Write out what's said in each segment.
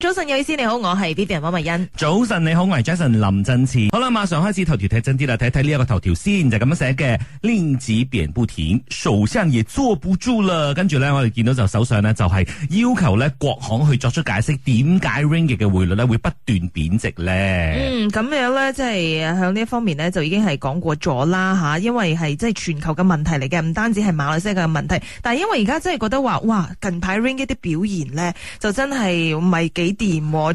早晨，有意思，你好，我係 Vivian 方慧欣。早晨，你好，我係 Jason 林振慈。好啦，馬上開始頭條睇真啲啦，睇睇呢一個頭條先，就咁樣寫嘅。鏈子變不甜，手上嘢抓不住啦。跟住咧，我哋見到就手上呢就係、是、要求呢國行去作出解釋，點解 Ringgit 嘅匯率呢會不斷貶值咧？嗯，咁樣咧，即係喺呢一方面呢就已經係講過咗啦吓，因為係即係全球嘅問題嚟嘅，唔單止係馬來西亞嘅問題。但係因為而家真係覺得話，哇，近排 Ringgit 啲表現咧，就真係唔係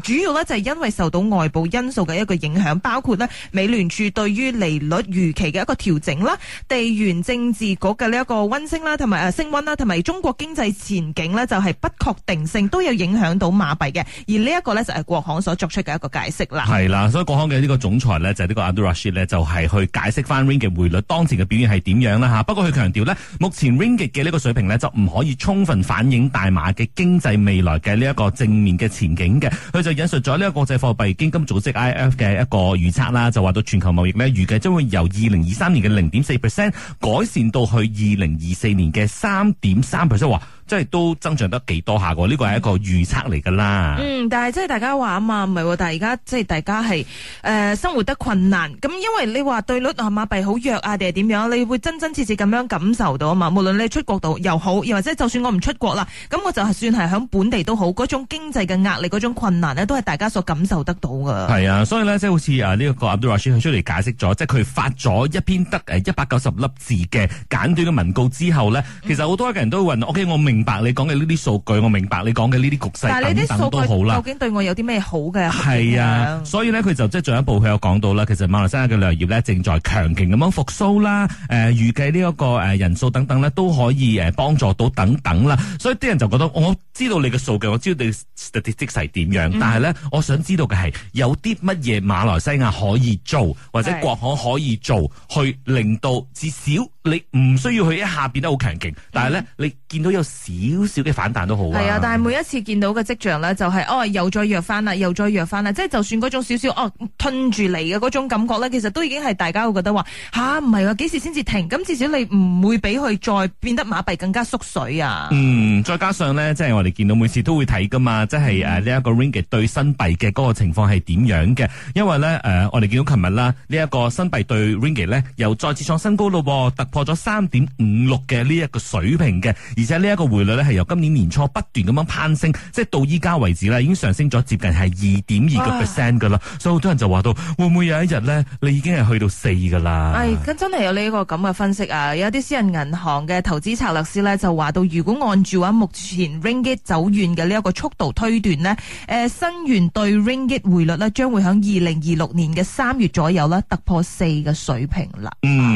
主要咧就係因為受到外部因素嘅一個影響，包括呢美聯儲對於利率預期嘅一個調整啦，地緣政治局嘅呢一個温升啦，同埋誒升温啦，同埋中國經濟前景呢，就係不確定性都有影響到馬幣嘅，而呢一個呢，就係國行所作出嘅一個解釋啦。係啦，所以國行嘅呢個總裁呢，就係、是、呢個阿 Rasheed 咧就係去解釋翻 Ringgit 匯率當前嘅表現係點樣啦吓。不過佢強調呢，目前 Ringgit 嘅呢個水平呢，就唔可以充分反映大馬嘅經濟未來嘅呢一個正面嘅前景。嘅，佢就引述咗呢個國際貨幣基金組織 IF 嘅一個預測啦，就話到全球貿易呢，預計將會由二零二三年嘅零點四 percent 改善到去二零二四年嘅三點三 percent。即係都增長得幾多下喎？呢個係一個預測嚟㗎啦。嗯，但係即係大家話啊嘛，唔係喎。但係而家即係大家係誒、呃、生活得困難，咁因為你話對率啊馬幣好弱啊，定係點樣？你會真真切切咁樣感受到啊嘛。無論你出國度又好，又或者就算我唔出國啦，咁我就算係喺本地都好，嗰種經濟嘅壓力，嗰種困難呢，都係大家所感受得到㗎。係啊，所以呢，即係好似啊呢個個阿都拉昔出嚟解釋咗，即係佢發咗一篇得一百九十粒字嘅簡短嘅文告之後呢，其實好多嘅人都問，嗯，OK，我明。明白你講嘅呢啲數據，我明白你講嘅呢啲局勢等等都好啦。究竟對我有啲咩好嘅？係啊，所以咧佢就即係進一步佢有講到啦。其實馬來西亞嘅旅遊業咧正在強勁咁樣復甦啦。誒、呃，預計呢一個誒人數等等咧都可以誒幫助到等等啦。所以啲人就覺得我知道你嘅數據，我知道你特別即係點樣，但係咧我想知道嘅係有啲乜嘢馬來西亞可以做，或者國行可以做，去令到至少你唔需要去一下變得好強勁。但係咧、嗯、你見到有。少少嘅反彈都好係啊，啊，但係每一次見到嘅跡象咧、就係，就係哦，又再弱翻啦，又再弱翻啦。即係就算嗰種少少哦吞住嚟嘅嗰種感覺咧，其實都已經係大家會覺得話吓，唔係話幾時先至停？咁至少你唔會俾佢再變得馬幣更加縮水啊！嗯，再加上咧，即係我哋見到每次都會睇噶嘛，即係呢一個 ringgit 對新幣嘅嗰個情況係點樣嘅？因為咧誒、啊，我哋見到琴日啦，呢、這、一個新幣對 ringgit 咧，又再次創新高咯，突破咗三點五六嘅呢一個水平嘅，而且呢、這、一個。匯率咧係由今年年初不斷咁樣攀升。即、就、係、是、到依家為止咧，已經上升咗接近係二點二個 percent 噶啦。唉所以好多人就話到，會唔會有一日咧，你已經係去到四噶啦？係，咁真係有呢一個咁嘅分析啊！有啲私人銀行嘅投資策略師咧就話到，如果按照話目前 Ringgit 走遠嘅呢一個速度推斷呢誒，新、呃、元對 Ringgit 匯率咧將會喺二零二六年嘅三月左右咧突破四嘅水平啦。嗯。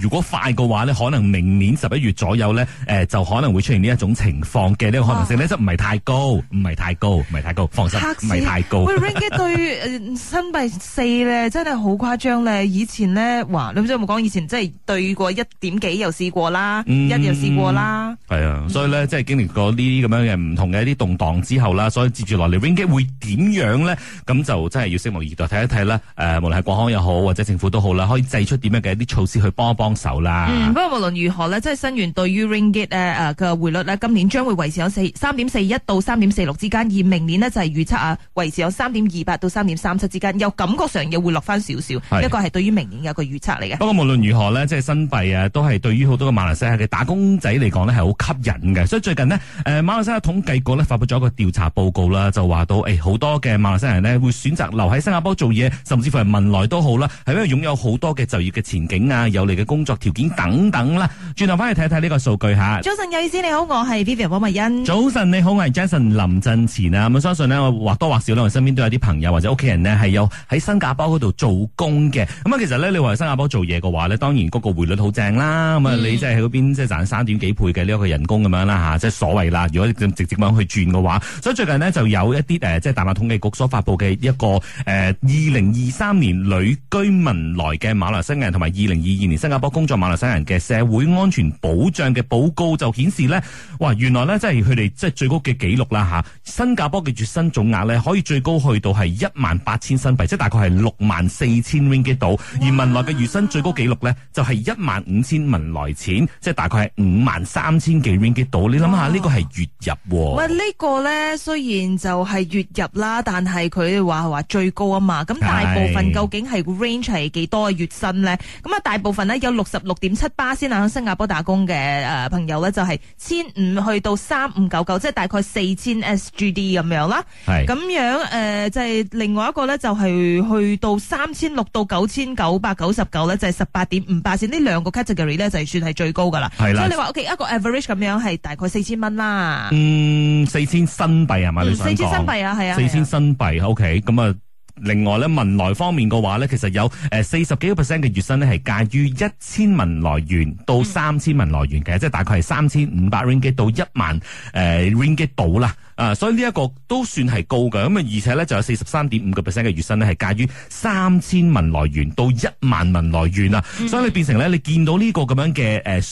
如果快嘅話呢，可能明年十一月左右呢，誒、呃、就可能會出現呢一種情況嘅呢個可能性呢就唔係太高，唔係、啊、太高，唔係太，太高，放心，唔係人太高。喂 ，Ringgit 對新幣四咧，真係好誇張咧！以前呢，哇，你唔知有冇講，以前真係兌過一點幾又試過啦，一、嗯、又試過啦。係啊，所以呢，嗯、即係經歷過呢啲咁樣嘅唔同嘅一啲動蕩之後啦，所以接住落嚟 Ringgit 會點樣呢？咁就真係要拭目以待，睇一睇啦。誒、呃，無論係國康又好，或者政府都好啦，可以製出點樣嘅一啲措施。去幫一幫手啦，嗯。不過無論如何呢，即係新元對於 Ringgit 嘅匯率咧，今年將會維持喺四三點四一到三點四六之間，而明年呢就係預測啊，維持喺三點二八到三點三七之間。又感覺上又會落翻少少，呢個係對於明年嘅一個預測嚟嘅。不過無論如何呢，即係新幣啊，都係對於好多嘅馬來西亞嘅打工仔嚟講呢，係好吸引嘅。所以最近呢，誒，馬來西亞統計局呢，發布咗一個調查報告啦，就話到誒，好多嘅馬來西亞人呢，會選擇留喺新加坡做嘢，甚至乎係文萊都好啦，係因為擁有好多嘅就業嘅前景啊。有利嘅工作條件等等啦，轉頭翻去睇睇呢個數據嚇。早晨有意思，你好，我係 Vivian 黃慧欣。早晨你好，我係 Jason 林振前啊。咁、嗯、我相信我或多或少呢我身邊都有啲朋友或者屋企人呢，係有喺新加坡嗰度做工嘅。咁、嗯、啊，其實呢，你話新加坡做嘢嘅話呢，當然嗰個匯率好正啦。咁啊、嗯，你即係喺嗰邊即係、就是、賺三點幾倍嘅呢一個人工咁樣啦即係所謂啦。如果直接咁去轉嘅話，所以最近呢，就有一啲即係大馬統計局所發布嘅一個誒二零二三年旅居民來嘅馬來西亞人同埋二零二二。近年新加坡工作馬來西亞人嘅社會安全保障嘅報告就顯示呢，哇，原來呢，即係佢哋即係最高嘅記錄啦吓。新加坡嘅月薪總額呢，可以最高去到係一萬八千新幣，即係大概係六萬四千 Ringgit 度。而文萊嘅月薪最高記錄呢，就係一萬五千文萊錢，即係大概係五萬三千幾 Ringgit 度。哇你諗下呢個係月入、哦？喂，呢個呢，雖然就係月入啦，但係佢哋話係話最高啊嘛。咁大部分究竟係 range 係幾多嘅月薪呢？咁啊是，大部分份有六十六點七八先啦，喺新加坡打工嘅朋友咧就係千五去到三五九九，即係大概四千 SGD 咁樣啦。咁、呃、樣就係、係、另外一個咧，就係去到三千六到九千九百九十九咧，9, 9 99, 就係十八點五八先。呢兩個 category 咧就係算係最高噶啦。係啦的，所以你話 O K 一個 average 咁樣係大概四千蚊啦。嗯，四千新幣係咪？四千、嗯、新幣啊，係的啊，四千新幣 O K 咁啊。的另外咧，文來方面嘅話咧，其實有誒，四十幾個 percent 嘅月薪咧係介於一千文來元到三千文來元嘅，嗯、即係大概係三千五百 ringgit 到一萬誒、呃、ringgit 到啦。啊、呃，所以呢一個都算係高嘅。咁啊，而且咧就有四十三點五個 percent 嘅月薪咧係介於三千文來元到一萬文來元啊。嗯、所以你變成咧，你見到呢個咁樣嘅誒。呃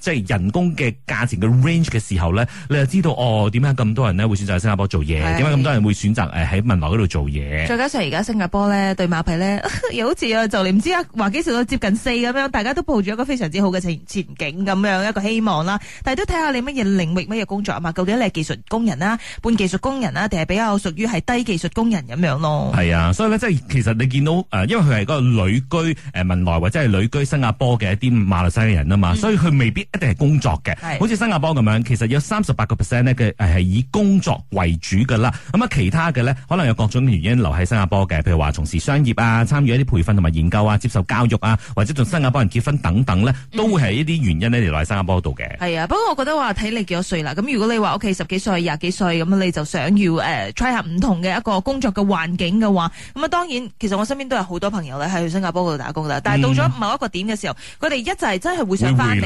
即係人工嘅價錢嘅 range 嘅時候咧，你就知道哦？點解咁多人咧會選擇喺新加坡做嘢？點解咁多人會選擇誒喺文萊嗰度做嘢？再加上而家新加坡咧對馬幣咧又好似啊，就唔知一華幾錢到接近四咁樣，大家都抱住一個非常之好嘅前前景，咁樣一個希望啦。但係都睇下你乜嘢領域，乜嘢工作啊嘛？究竟你係技術工人啊，半技術工人啊，定係比較屬於係低技術工人咁樣咯？係啊，所以咧即係其實你見到誒，因為佢係嗰個旅居誒文萊或者係旅居新加坡嘅一啲馬來西亞人啊嘛，所以佢未必。一定係工作嘅。好似新加坡咁樣，其實有三十八個 percent 咧，呢係以工作為主噶啦。咁啊，其他嘅咧，可能有各種原因留喺新加坡嘅，譬如話從事商業啊、參與一啲培訓同埋研究啊、接受教育啊，或者同新加坡人結婚等等咧，都會係一啲原因咧留喺新加坡度嘅。係、嗯、啊,不過我覺得話睇你幾多歲啦。咁如果你話屋企十幾歲、廿幾歲咁你就想要誒 try 下唔同嘅一個工作嘅環境嘅話，咁啊，當然其實我身邊都有好多朋友咧，係去新加坡度打工啦。但係到咗某一個點嘅時候，佢哋、嗯、一就係真係會想翻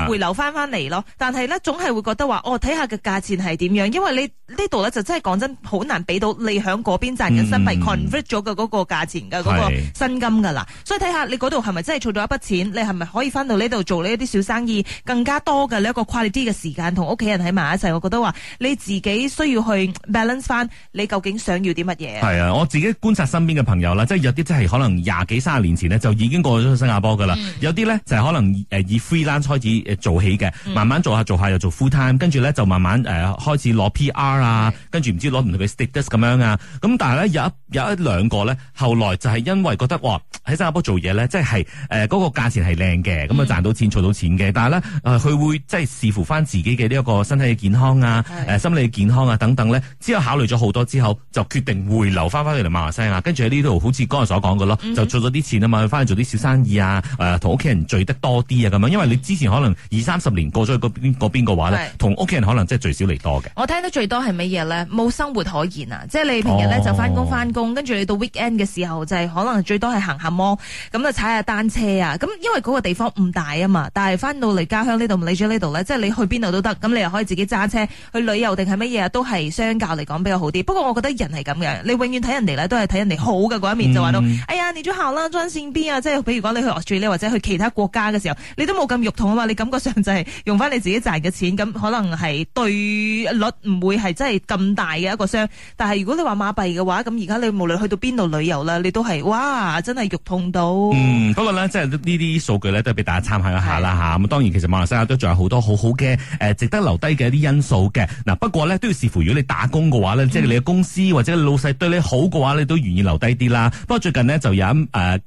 會回流翻翻嚟咯，但係咧總係會覺得話，哦，睇下嘅價錢係點樣，因為你。呢度咧就真係講真，好難俾到你喺嗰邊賺嘅新幣 convert 咗嘅嗰個價錢嘅嗰是個薪金㗎啦。所以睇下你嗰度係咪真係儲到一筆錢？你係咪可以翻到呢度做呢一啲小生意，更加多嘅呢一個 quality 嘅時間同屋企人喺埋一齊？我覺得話你自己需要去 balance 翻你究竟想要啲乜嘢。係啊，我自己觀察身邊嘅朋友啦，即係有啲真係可能廿幾三十年前呢，就已經過咗去新加坡㗎啦。嗯、有啲呢就係可能以 freelance 開始做起嘅，慢慢做下做下又做 fulltime，跟住呢就慢慢誒、呃、開始攞 PR。啊，是跟住唔知攞唔到佢 stickers 咁樣啊，咁但係咧有一有一兩個咧，後來就係因為覺得哇，喺新加坡做嘢咧，即係誒嗰個價錢係靚嘅，咁啊賺到錢，儲到錢嘅，但係咧誒佢會即係視乎翻自己嘅呢一個身體嘅健康啊，誒是、呃、心理健康啊等等咧，之後考慮咗好多之後，就決定回流翻翻嚟馬來西亞，跟住喺呢度好似剛才所講嘅咯，就做咗啲錢啊嘛，翻去做啲小生意啊，誒同屋企人聚得多啲啊咁樣，因為你之前可能二三十年過咗去嗰邊嗰邊嘅話咧，同屋企人可能即係聚少離多嘅。我聽得最多係。咩嘢咧？冇生活可言啊！即係你平日咧就翻工翻工，跟住、哦、你到 weekend 嘅時候就係、是、可能最多係行下摩，咁就踩下單車啊！咁因為嗰個地方唔大啊嘛，但係翻到嚟家鄉呢度、麗江呢度咧，即係你去邊度都得，咁你又可以自己揸車去旅遊定係乜嘢啊？都係相較嚟講比較好啲。不過我覺得人係咁嘅，你永遠睇人哋咧都係睇人哋好嘅嗰一面，就話到，嗯、哎呀你咗行啦，裝善變啊！即係比如講你去澳洲咧或者去其他國家嘅時候，你都冇咁肉痛啊嘛！你感覺上就係用翻你自己賺嘅錢，咁可能係對率唔會係。真係咁大嘅一個傷，但係如果你話馬幣嘅話，咁而家你無論去到邊度旅遊啦，你都係哇，真係肉痛到。嗯，不過呢，即係呢啲數據呢，都俾大家參考一下啦，吓的。咁當然，其實馬來西亞都仲有好多好好嘅，誒，值得留低嘅一啲因素嘅。嗱，不過呢，都要視乎，如果你打工嘅話呢，即係你嘅公司或者你老細對你好嘅話，你都願意留低啲啦。不過最近呢，就有一誒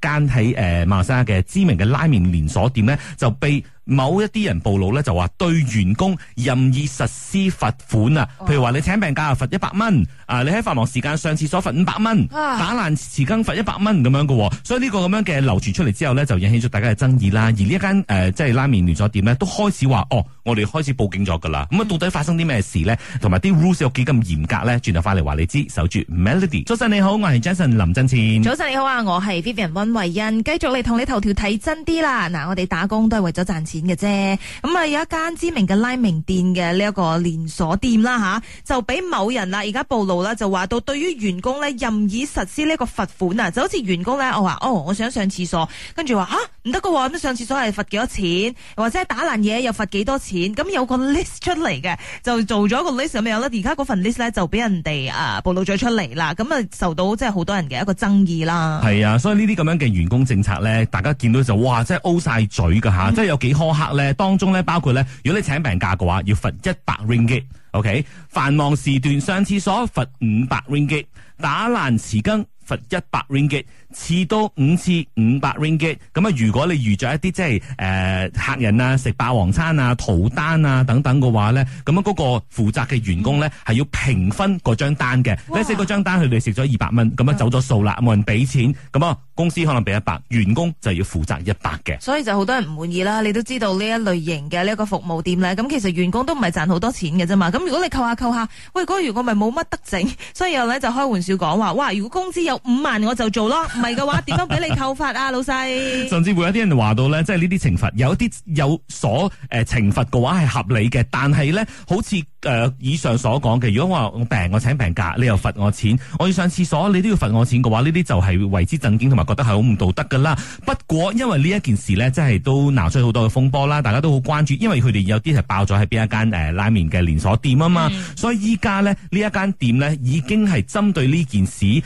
間喺誒馬來西亞嘅知名嘅拉麵連鎖店呢，就被。某一啲人暴露咧，就話對員工任意實施罰款啊，譬如話你請病假就罰一百蚊，啊你喺繁忙時間上廁所罰五百蚊，打爛匙羹罰一百蚊咁樣嘅，所以呢個咁樣嘅流傳出嚟之後咧，就引起咗大家嘅爭議啦。而呢一間誒、呃、即係拉麵連鎖店咧，都開始話哦。我哋開始報警咗噶啦，咁啊到底發生啲咩事咧？同埋啲 rules 有幾咁嚴格咧？轉頭翻嚟，話你知，守住 Melody。早晨你好，我係 Jason 林振前。早晨你好啊，我係 Vivian 溫慧欣。繼續嚟同你頭條睇真啲啦。嗱，我哋打工都係為咗賺錢嘅啫。咁、嗯、啊有一間知名嘅拉麵店嘅呢一個連鎖店啦吓、啊，就俾某人啦而家暴露啦，就話到對於員工咧任意實施呢一個罰款啊，就好似員工咧我話哦，我想上廁所，跟住話啊，唔得噶，咁上廁所係罰幾多錢，或者打爛嘢又罰幾多錢？咁有個 list 出嚟嘅，就做咗個 list 咁樣咧。而家嗰份 list 咧就俾人哋啊暴露咗出嚟啦。咁啊受到即係好多人嘅一個爭議啦。係啊，所以呢啲咁樣嘅員工政策咧，大家見到就哇，即係 O 晒嘴噶嚇，即係有幾苛刻咧。 當中咧包括咧，如果你請病假嘅話，要罰一百 ringgit。OK，繁忙時段上廁所罰五百 ringgit，打爛匙羹，罰一百 ringgit，次多五次五百 ringgit。咁啊、嗯，如果你遇著一啲即係誒、呃、客人啊食霸王餐啊逃單啊等等嘅話咧，咁樣嗰個負責嘅員工咧係、嗯、要平分嗰張單嘅哇。假設嗰張單佢哋食咗二百蚊，咁啊走咗數啦，冇、嗯、人俾錢，咁啊公司可能俾一百，員工就要負責一百嘅。所以就好多人唔滿意啦。你都知道呢一類型嘅呢一個服務店咧，咁其實員工都唔係賺好多錢嘅啫嘛。咁如果你扣下扣下，喂，嗰、那個員工咪冇乜得整，所以又咧就開玩笑講話，哇！如果工資有五萬我就做咯，唔係嘅話點樣俾你扣罰啊，老細？甚至會有啲人話到咧，即係呢啲懲罰有一啲有所誒懲罰嘅話係合理嘅，但係咧好似。誒、呃、以上所講嘅，如果我話我病，我請病假，你又罰我錢，我要上廁所，你都要罰我錢嘅話，呢啲就係為之震驚同埋覺得係好唔道德噶啦。不過因為呢一件事呢，真係都鬧出好多嘅風波啦，大家都好關注，因為佢哋有啲係爆咗喺邊一間誒、呃、拉麵嘅連鎖店啊嘛，嗯、所以依家呢，呢一間店呢，已經係針對呢件事去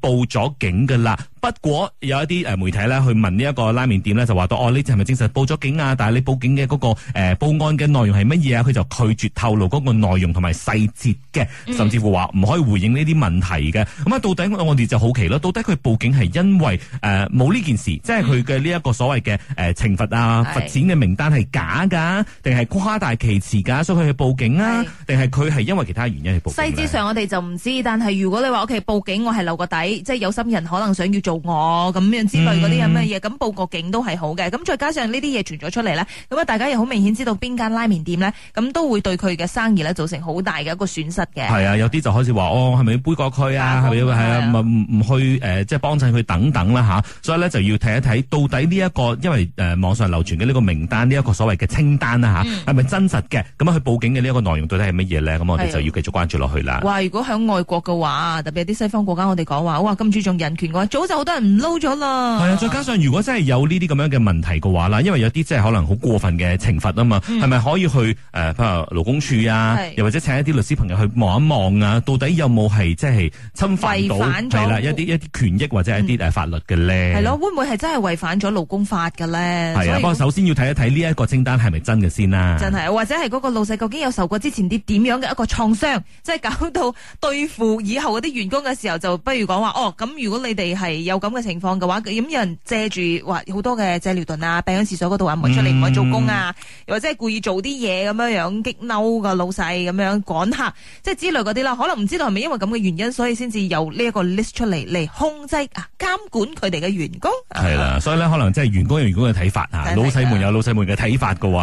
報咗警噶啦。不過有一啲誒媒體呢，去問呢一個拉麵店呢，就話到哦，呢係咪證實報咗警啊？但係你報警嘅嗰、那個誒、呃、報案嘅內容係乜嘢啊？佢就拒絕透露嗰個內容同埋細節嘅，甚至乎話唔可以回應呢啲問題嘅。咁啊、嗯，到底我哋就好奇啦，到底佢報警係因為誒冇呢件事，即係佢嘅呢一個所謂嘅誒懲罰啊罰、嗯、錢嘅名單係假噶，定係誇大其詞噶，所以佢去報警啊？定係佢係因為其他原因去報警？細節上我哋就唔知，但係如果你話屋企報警，我係留個底，即係有心人可能想要做。我咁、哦、樣之類嗰啲咁嘅嘢，咁、嗯、報個警都係好嘅。咁再加上呢啲嘢傳咗出嚟咧，咁啊大家又好明顯知道邊間拉麵店咧，咁都會對佢嘅生意咧造成好大嘅一個損失嘅。係啊，有啲就開始話哦，係咪要杯葛佢啊？係咪係啊？唔唔、啊、去誒，即係幫襯佢等等啦、啊、吓。所以咧就要睇一睇到底呢、這、一個，因為誒網上流傳嘅呢個名單，呢、這、一個所謂嘅清單啦、啊、吓，係咪、嗯、真實嘅？咁佢去報警嘅呢一個內容到底係乜嘢咧？咁我哋就要繼續關注落去啦。話、啊、如果響外國嘅話，特別係啲西方國家，我哋講話哇，咁注重人權嘅話，早就。好多人唔撈咗啦，係啊！再加上如果真係有呢啲咁樣嘅問題嘅話啦，因為有啲即係可能好過分嘅懲罰啊嘛，係咪、嗯、可以去誒，譬、呃、如勞工處啊，是又或者請一啲律師朋友去望一望啊，到底有冇係即係侵犯到係啦一啲一啲權益或者一啲誒法律嘅咧？係咯、嗯啊，會唔會係真係違反咗勞工法嘅咧？係以啊，不過首先要睇一睇呢一個清單係咪真嘅先啦、啊。真係，或者係嗰個老細究竟有受過之前啲點樣嘅一個創傷，即、就、係、是、搞到對付以後嗰啲員工嘅時候，就不如講話哦咁。如果你哋係有有咁嘅情況嘅話，咁有人借住話好多嘅借尿頓啊，病喺廁所嗰度啊，唔出嚟唔可以做工啊，又或者係故意做啲嘢咁樣激樣激嬲個老細咁樣趕客，即係之類嗰啲啦。可能唔知道係咪因為咁嘅原因，所以先至有呢一個 list 出嚟嚟控制啊監管佢哋嘅員工。係啦，所以咧可能即係員工有員工嘅睇法啊，的老細們有老細們嘅睇法噶吓。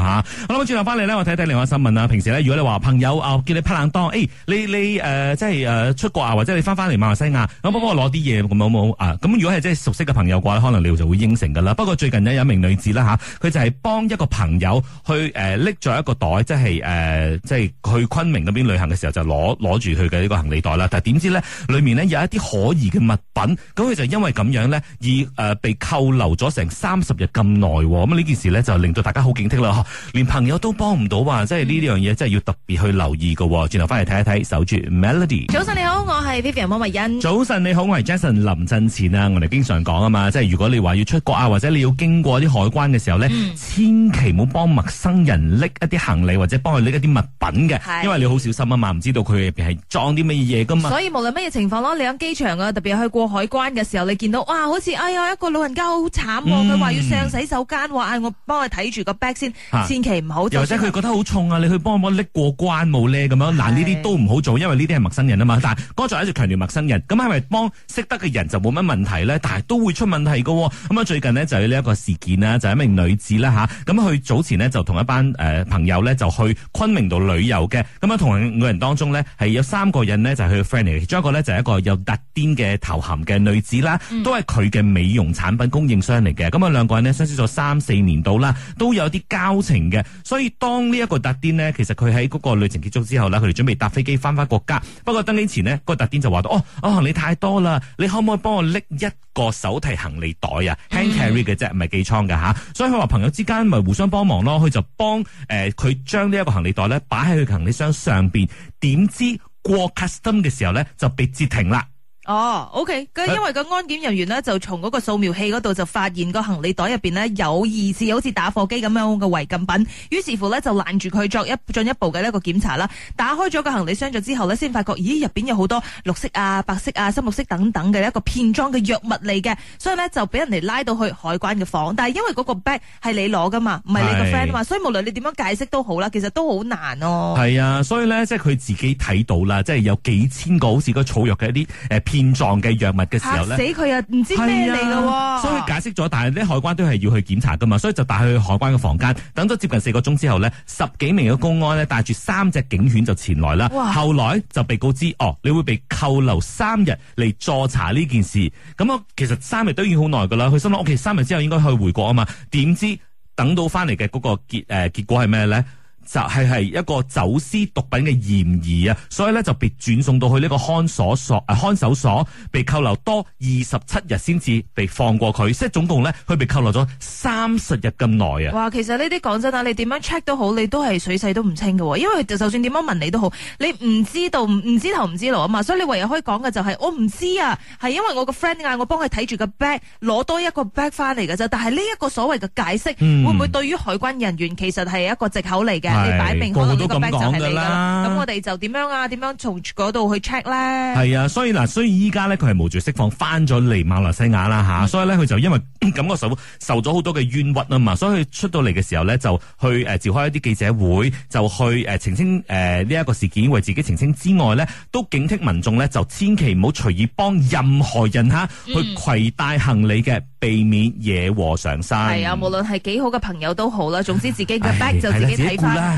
好啦的，轉頭翻嚟咧，我睇睇另外新聞啦。平時咧，如果你話朋友啊叫你拍冷當，誒、欸，你你誒、呃、即係誒、呃、出國啊，或者你翻翻嚟馬來西亞，咁幫我攞啲嘢，咁好唔好啊？咁如果係真係熟悉嘅朋友嘅話，可能你就會應承噶啦。不過最近咧有一名女子啦吓，佢、啊、就係幫一個朋友去誒拎咗一個袋，即係誒、呃、即係去昆明嗰邊旅行嘅時候，就攞攞住佢嘅呢個行李袋啦。但係點知咧裏面呢有一啲可疑嘅物品，咁佢就因為咁樣咧而誒、呃、被扣留咗成三十日咁耐。咁、啊、呢件事咧就令到大家好警惕啦、啊。連朋友都幫唔到啊，即係呢樣嘢真係要特別去留意噶。轉頭翻嚟睇一睇，守住 Melody。早晨你好，我係 Pepa 蒙慧欣。早晨你好，我係 Jason 林振前啊。我哋經常講啊嘛，即係如果你話要出國啊，或者你要經過啲海關嘅時候咧，嗯、千祈唔好幫陌生人拎一啲行李或者幫佢拎一啲物品嘅，是因為你好小心啊嘛，唔知道佢入邊係裝啲乜嘢噶嘛。所以無論乜嘢情況咯，你喺機場啊，特別去過海關嘅時候，你見到哇，好似哎呀一個老人家好慘、啊，佢話、嗯、要上洗手間，嗌我幫佢睇住個 bag 先，啊、千祈唔好。又或者佢覺得好重啊，你去幫唔幫拎過關冇咧咁樣，嗱呢啲都唔好做，因為呢啲係陌生人啊嘛。但係哥就係一直強調陌生人，咁係咪幫識得嘅人就冇乜問題？係咧，但係都會出問題噶。咁啊，最近呢，就係呢一個事件啦，就係、是、一名女子啦吓，咁佢早前呢，就同一班誒、呃、朋友呢，就去昆明度旅遊嘅。咁啊，同人女人當中呢，係有三個人呢，就去 friend 嚟嘅，其中一個咧就係一個有特癲嘅頭銜嘅女子啦，都係佢嘅美容產品供應商嚟嘅。咁啊、嗯，兩個人呢，相識咗三四年度啦，都有啲交情嘅。所以當呢一個特癲咧，其實佢喺嗰個旅程結束之後呢，佢哋準備搭飛機翻翻國家。不過登機前呢，個特癲就話到：，哦，啊、哦，行李太多啦，你可唔可以幫我拎？一個手提行李袋啊，hand carry 嘅啫，唔係寄倉㗎吓，所以佢話朋友之間咪互相幫忙咯，佢就幫誒佢將呢一個行李袋咧擺喺佢行李箱上邊，點知過 custom 嘅時候咧就被截停啦。哦，OK，佢因為個安檢人員咧就從嗰個掃描器嗰度就發現個行李袋入邊咧有疑似好似打火機咁樣嘅違禁品，於是乎咧就攔住佢作一進一步嘅一個檢查啦。打開咗個行李箱咗之後咧，先發覺咦入邊有好多綠色啊、白色啊、深綠色等等嘅一個片裝嘅藥物嚟嘅，所以咧就俾人哋拉到去海關嘅房。但係因為嗰個 bag 係你攞噶嘛，唔係你個 friend 嘛，啊、所以無論你點樣解釋都好啦，其實都好難咯、啊。係啊，所以咧即係佢自己睇到啦，即係有幾千個好似個草藥嘅一啲誒片現狀嘅藥物嘅時候咧、啊，死佢啊！唔知咩嚟嘅，啊、所以解釋咗，但係啲海關都係要去檢查噶嘛，所以就帶去海關嘅房間等咗接近四個鐘之後，呢十幾名嘅公安呢帶住三隻警犬就前來啦。哇後來就被告知哦，你會被扣留三日嚟助查呢件事。咁啊，其實三日都已經好耐噶啦，佢心諗，OK，三日之後應該去回國啊嘛。點知等到翻嚟嘅嗰個結誒、呃、結果係咩咧？就係係一個走私毒品嘅嫌疑，啊，所以咧，就被轉送到去呢個看守所，誒看守所、啊、看守所被扣留多二十七日先至被放過佢，即係總共咧佢被扣留咗三十日咁耐啊！哇，其實呢啲講真啊，你點樣 check 都好，你都係水勢都唔清嘅、啊，因為就算點樣問你都好，你唔知道唔知頭唔知路啊嘛，所以你唯有可以講嘅就係、是、我唔知啊，係因為我個 friend 嗌我幫佢睇住個 bag 攞多一個 bag 翻嚟嘅啫，但係呢、嗯、一個所謂嘅解釋，會唔會對於海關人員其實係一個借口嚟嘅？明個個都咁講噶啦，咁我哋就點樣啊？點樣從嗰度去 check 咧？係啊，所以嗱，所以依家咧佢係無罪釋放翻咗嚟馬來西亞啦吓，嗯、所以咧佢就因為咁個 受受咗好多嘅冤屈啊嘛，所以佢出到嚟嘅時候咧就去誒召開一啲記者會，就去誒、呃呃、澄清誒呢一個事件為自己澄清之外咧，都警惕民眾咧就千祈唔好隨意幫任何人吓，去攜帶行李嘅，嗯、避免惹禍上身。係啊，無論係幾好嘅朋友都好啦，總之自己嘅 back 唉就自己睇翻、啊。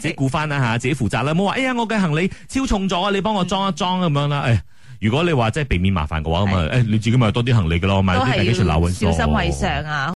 自己顧翻啦吓，自己負責啦，冇話哎呀，我嘅行李超重咗，你幫我裝一裝咁樣啦。誒、哎，如果你話即係避免麻煩嘅話，咁啊是，誒、哎，你自己咪多啲行李嘅咯，買多幾條。小心為上啊。嗯